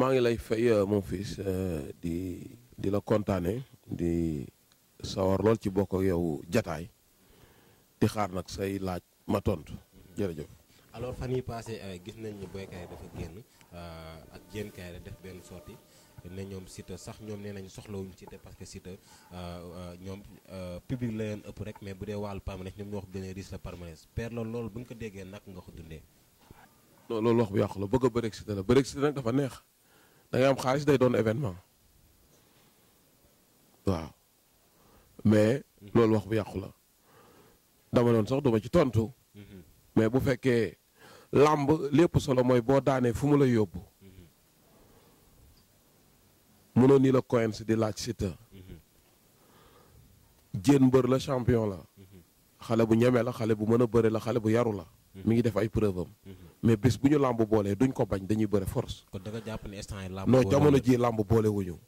maa ngi lay fay euh, mon fils euh, di di la kontaane di sawar lool ci bokk ak yow jataay di xaar nag say laaj ma tontu jërëjëf. alors fan yii paase euh, gis nañ ni Boy Kayre dafa génn ak Diène Kayre def benn sortie ne ñoom Siteu sax ñoom nee nañ ci Siteu parce que Siteu ñoom public la leen ëpp rek mais bu dee wàllu palmarès ñoom ñoo ko gën a riche la palmarès père loolu loolu bu nga ko déggee nag nga ko dundee. non loolu wax bu yàqu la bëgg a bëreeg la bëreeg Siteu dafa neex. da am xaalis day doon événement waaw mais loolu wax bu yàqu la dama doon sox duma ci tontu mais bu fekkee làmb lépp solo mooy boo daanee fu mu la yóbbu mënoo nii la Coins di laaj Siteu jën mbër la champion la xale bu ñeme la xale bu mën a bëre la xale bu yaru la mi ngi def ay preuve am mais bis bu ñu làmb boolee duñ ko bañ dañuy bëre force. kon jàpp ne instant yi làmb non jamono ji làmb boole wuñu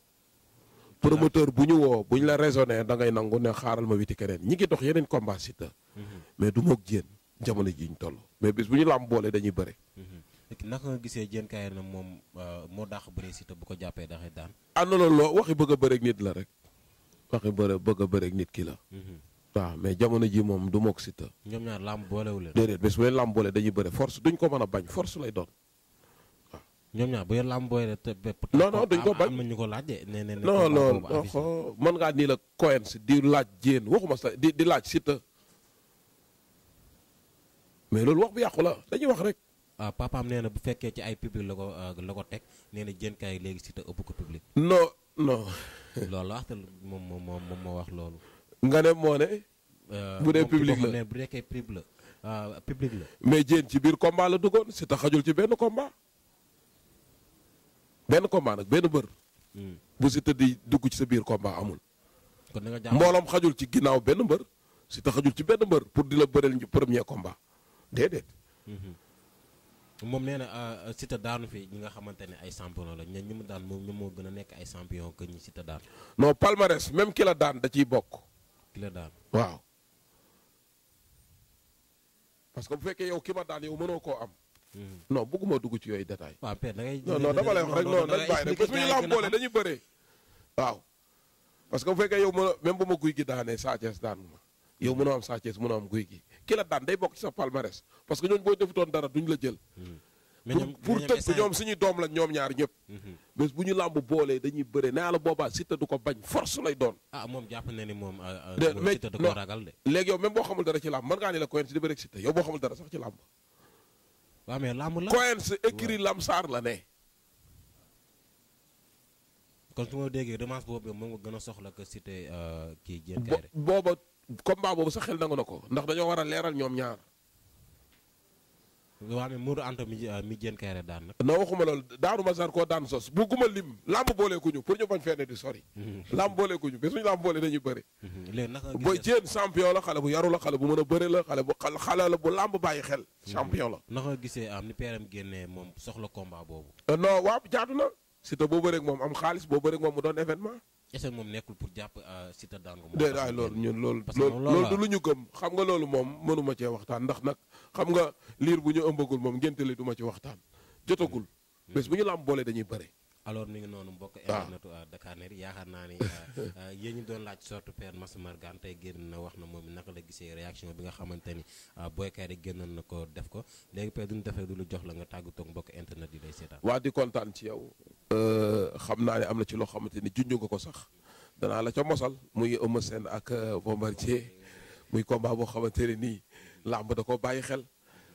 promoteur bu ñu woo bu ñu la raisonné da ngay nangu ne xaaral ma witi keneen ñi ngi dox yeneen combat Siteu mhm. mais du moog jéen jamono ji ñu toll mais bis bu ñu làmb boole dañuy bëre. Mhm. naka nga gisee jéen kaay na moom euh, moo dàq bëre Siteu bu ko jàppee da ngay daan. ànd ah loolu waxi bëgg a bëreeg nit la rek waxi bëre bëgg a bëreeg nit ki la. Mhm. waaw mais jamono ji moom du mook Siteu. ñoom ñaar làmb boolewul leen. déedéet dañuy bëre force duñ ko mën a bañ force lay doon waaw. ñoom ñaar bu leen làmb boole te bépp. non non duñ ko bañ am ñu ko laaj de. nee nañ non non oh, mën ngaa nii la Coence di laaj jéen waxuma sa di di laaj Siteu loolu wax bu yàqu la dañuy wax rek. waaw ah, papaam nee na bu fekkee ci ay public la ko ah, la ko teg nee na jéen kaay léegi Siteu ëpp ko public. non non. loolu la wax te moom moom moo wax loolu. nga ne moo ne. Euh, bu dee public la bu nekkee public la euh, public la. mais jéen ci biir combat la duggoon si tax xajul ci benn combat. benn combat nag benn bër. Hmm. bu si tëddi dugg ci sa biir combat amul. kon nga jàpp mbooloom xajul ci ginnaaw benn mbër. si tax xajul ci benn mbër pour di la bëreel ñu premier combat déedéet. Hmm. moom nee na euh, Siteu daanu fi ñi nga xamante ne ay champion la ñun mu daan moom ñu moo gën a nekk ay champion que ñi Siteu daan. non palmarès même ki la daan da ciy bokk. ki la waaw parce que bu fekkee yow ki ma daan yow mënoo koo am. Hmm. non bëgguma dugg ci yooyu détail. waaw père da ngay non non dama lay wax rek non nañ bàyyi rek parce que ñu la boole dañuy bëree. waaw parce que bu fekkee yow mën même bu ma guy gi daanee Sa Thiès daan ma yow mënoo am Sa mënoo am guy gi ki daan day bokk ci sa palmarès parce que ñooñu boo defutoon dara duñ la jël. Hmm. pour tëb ñoom suñu doom la ñoom ñaar ñëpp mhm. bés bu ñu làmb boolee dañuy bëre naa la boobaa Siteu du ko bañ force lay doon ah moom jàpp na ni moom euh, euh, Siteu du ko ragal de léegi yow même boo xamul dara ci làmb mën ngaa ne la Quench di bëre ak Siteu yow boo xamul dara sax ci làmb waaw mais làmb la Quench écrit ne kon su ma déggee revanche boobu moom nga gën a soxla que Siteu euh, kii Diène Kaïré booba combat boobu sax xel nangu na ko ndax dañoo war a leeral ñoom ñaar waa ne Modou Anta mi euh, mi jën kayre daan na. non waxuma loolu daanu ma sar koo daan sos bu guma lim làmb booleekuñu pour ñu bañ fenn di sori. Mm-hmm. làmb booleekuñu bi suñu làmb boole dañuy bëri. Mm-hmm. léegi naka booy jën champion la xale bu yaru la xale bu mën a bëri la xale bu xale la bu làmb bàyyi xel. Mm-hmm. champion la naka gisee am ni peeram génnee moom soxla combat boobu. Euh, non waaw jaatu na. surtout boo bëree ak moom am xaalis boo bëree ak moom mu doon événement. est-ce moom nekkul pour jàpp euh, Siteu daan ko. déedéet ay loolu ñun loolu. du lu ñu gëm xam nga loolu moom mënuma cee waxtaan ndax nag xam nga liir bu ñu ëmbagul moom ngénte li duma ci waxtaan jotagul mm-hmm. bés bu ñu la am boolee dañuy bëre alors nu ngi noonu mbokk ah. internetu euh, Dakar Net yaakaar naa ni euh, euh, yéen ñu doon laaj sortu père Max Mbargane tey génn na wax na moom naka la gisee réaction bi nga xamante ni boykaar yi na ko def ko léegi père duñu defee du lu jox la nga tàggatoog mbokk internet yi lay seetaan waa di kontaan ci yow xam naa ne am na ci loo xamante ni junj nga ko sax danaa la ca mosal muy Eumeu Sène ak Bombardier muy combat boo xamante ne nii làmb da ko bàyyi xel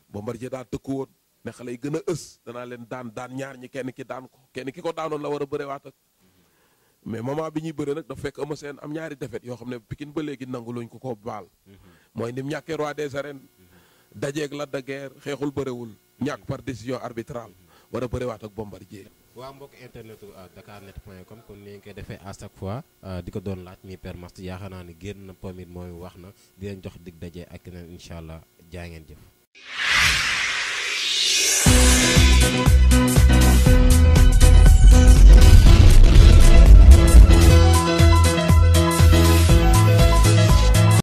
Bombardier daa tëkku woon ne xale yi gën a ës danaa leen daan daan ñaar ñi kenn ki daan ko kenn ki ko daanoon la war a bëre waat ak mais moment bi ñuy bëre nag dafa fekk a Sène am ñaari defet yoo xam ne Pikine ba léegi nangu luñ ko ko baal mooy ni mu ñàkkee roi des arènes dajeeg Lac de Guiers xeexul bërewul ñàkk par décision arbitrale war a bëriwaat ak Bombardier waaw mbokk internet euh, dakarnet point com kon ni nga koy defee à chaque fois euh, di ko doon laaj mi permas yaakaar naa ne génn na pomit mooy na di leen jox dig daje ak keneen incha allah jaa ngeen jëf